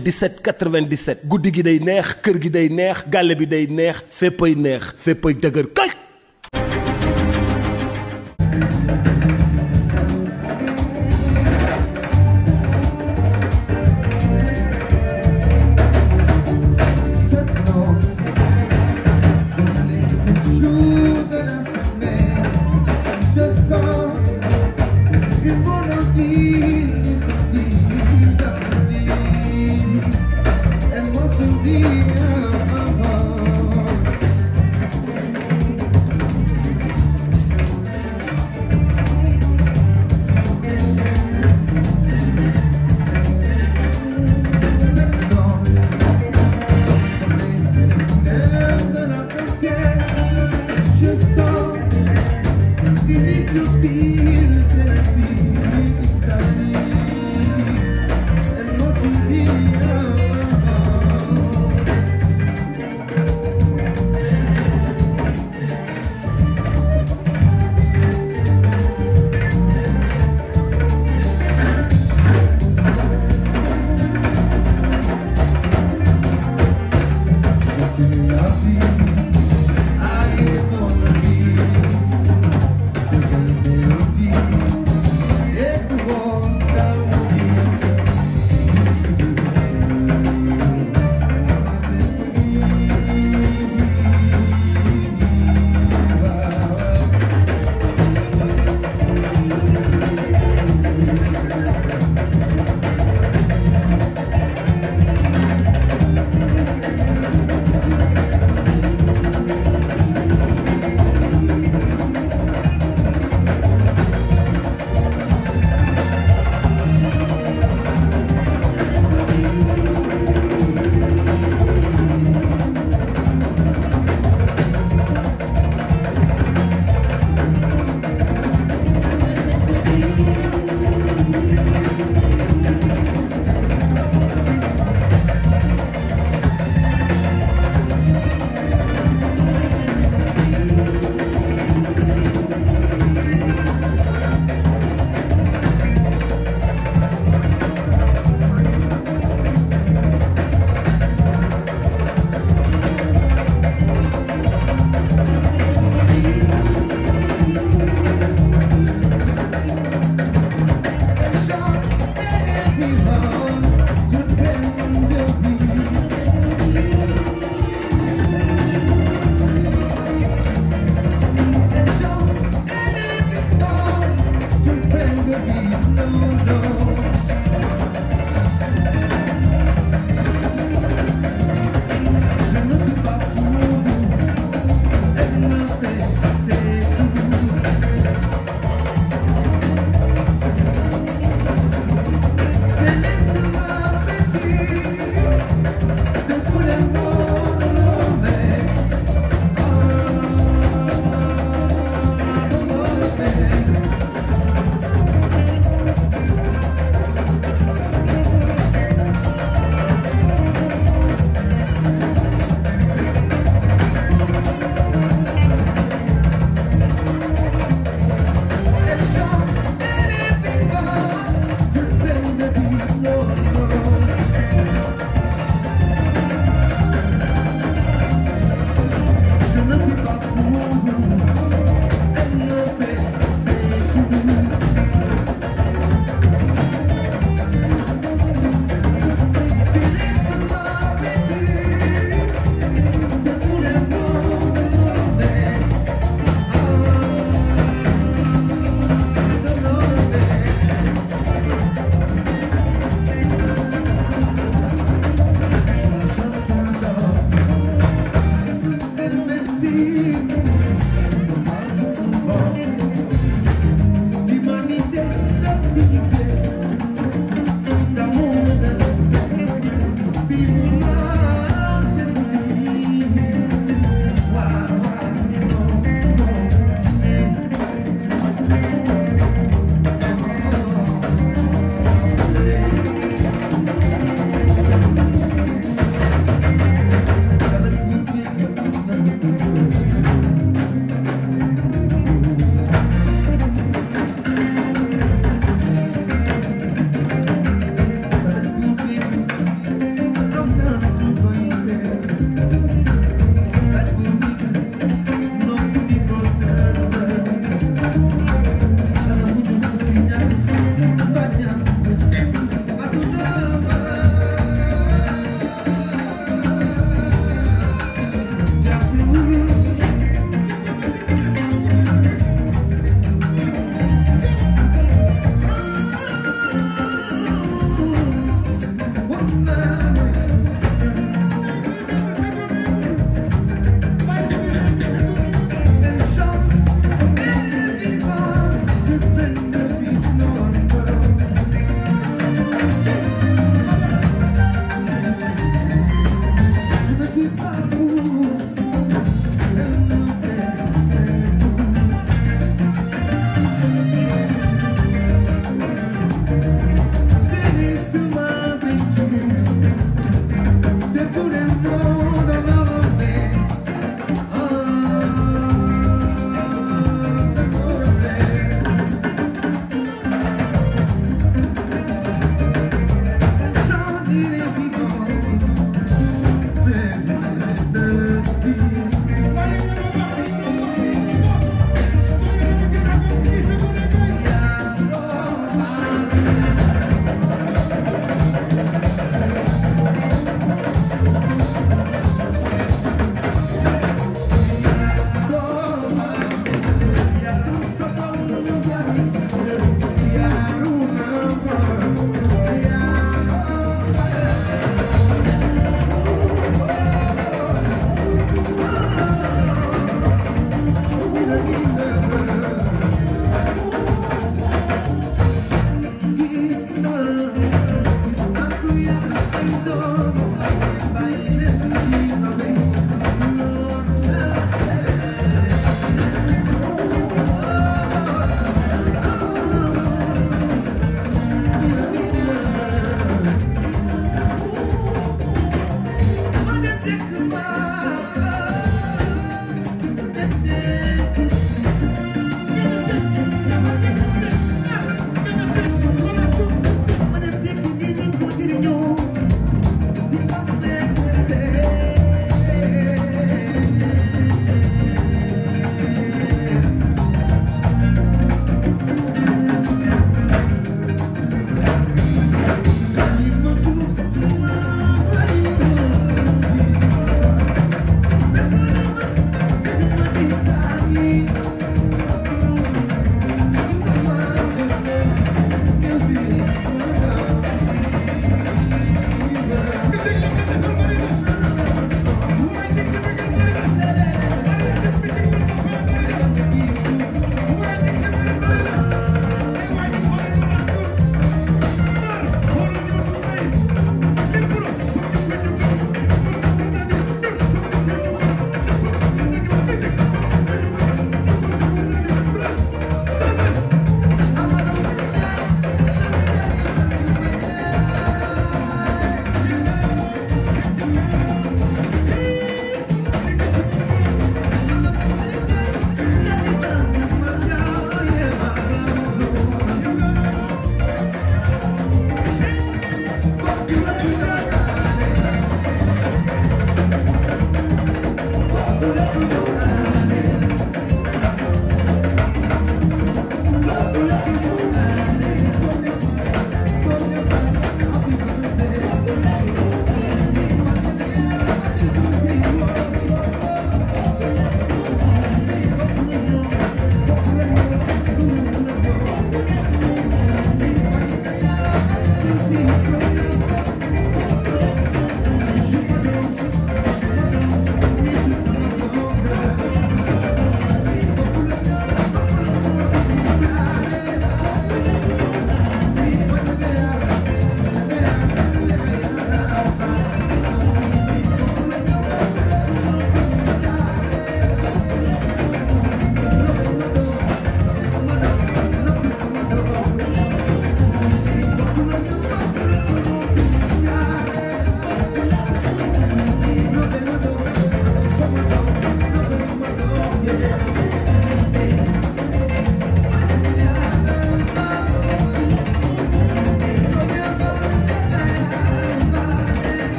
97 97 guddi gi day neex kër gi day neex gale bi day neex ay neex féppay dëgër kay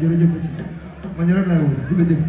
jërëjëf ci man rek laay woo jërëjëf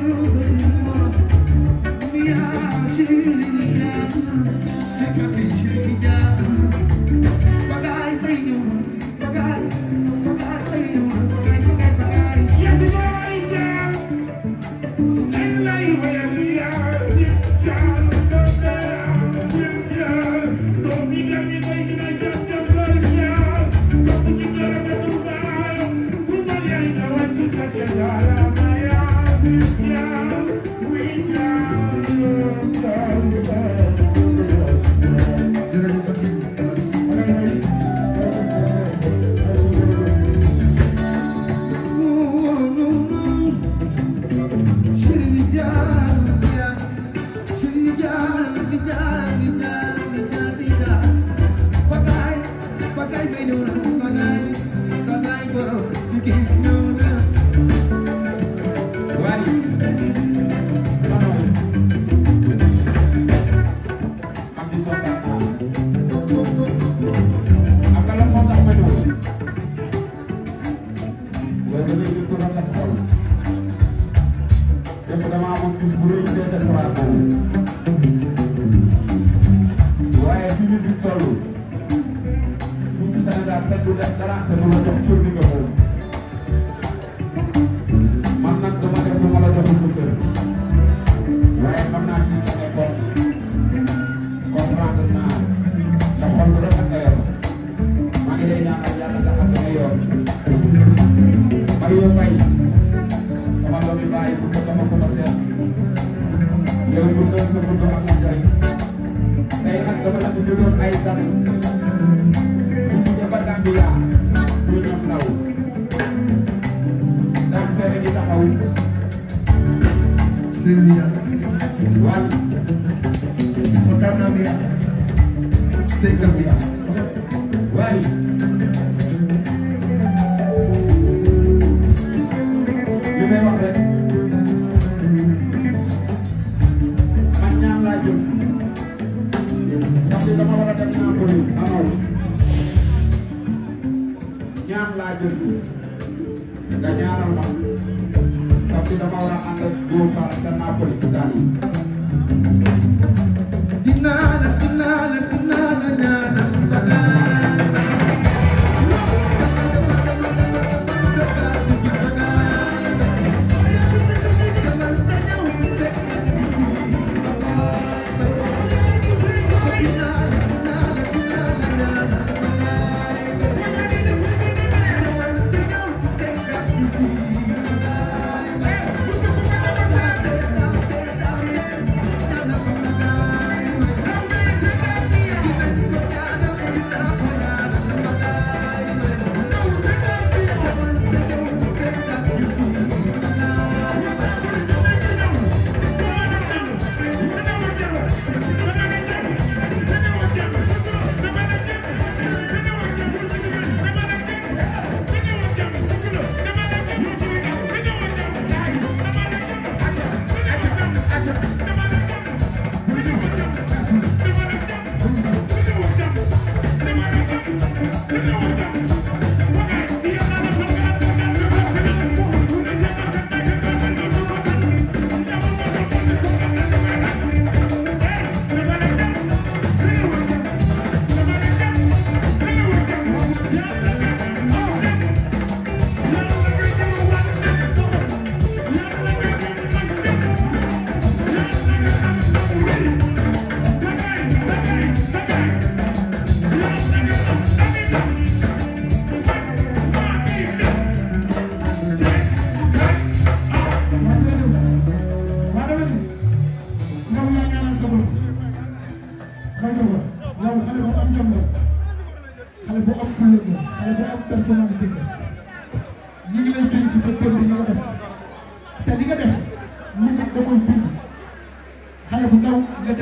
you.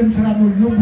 dem saraan yóbbu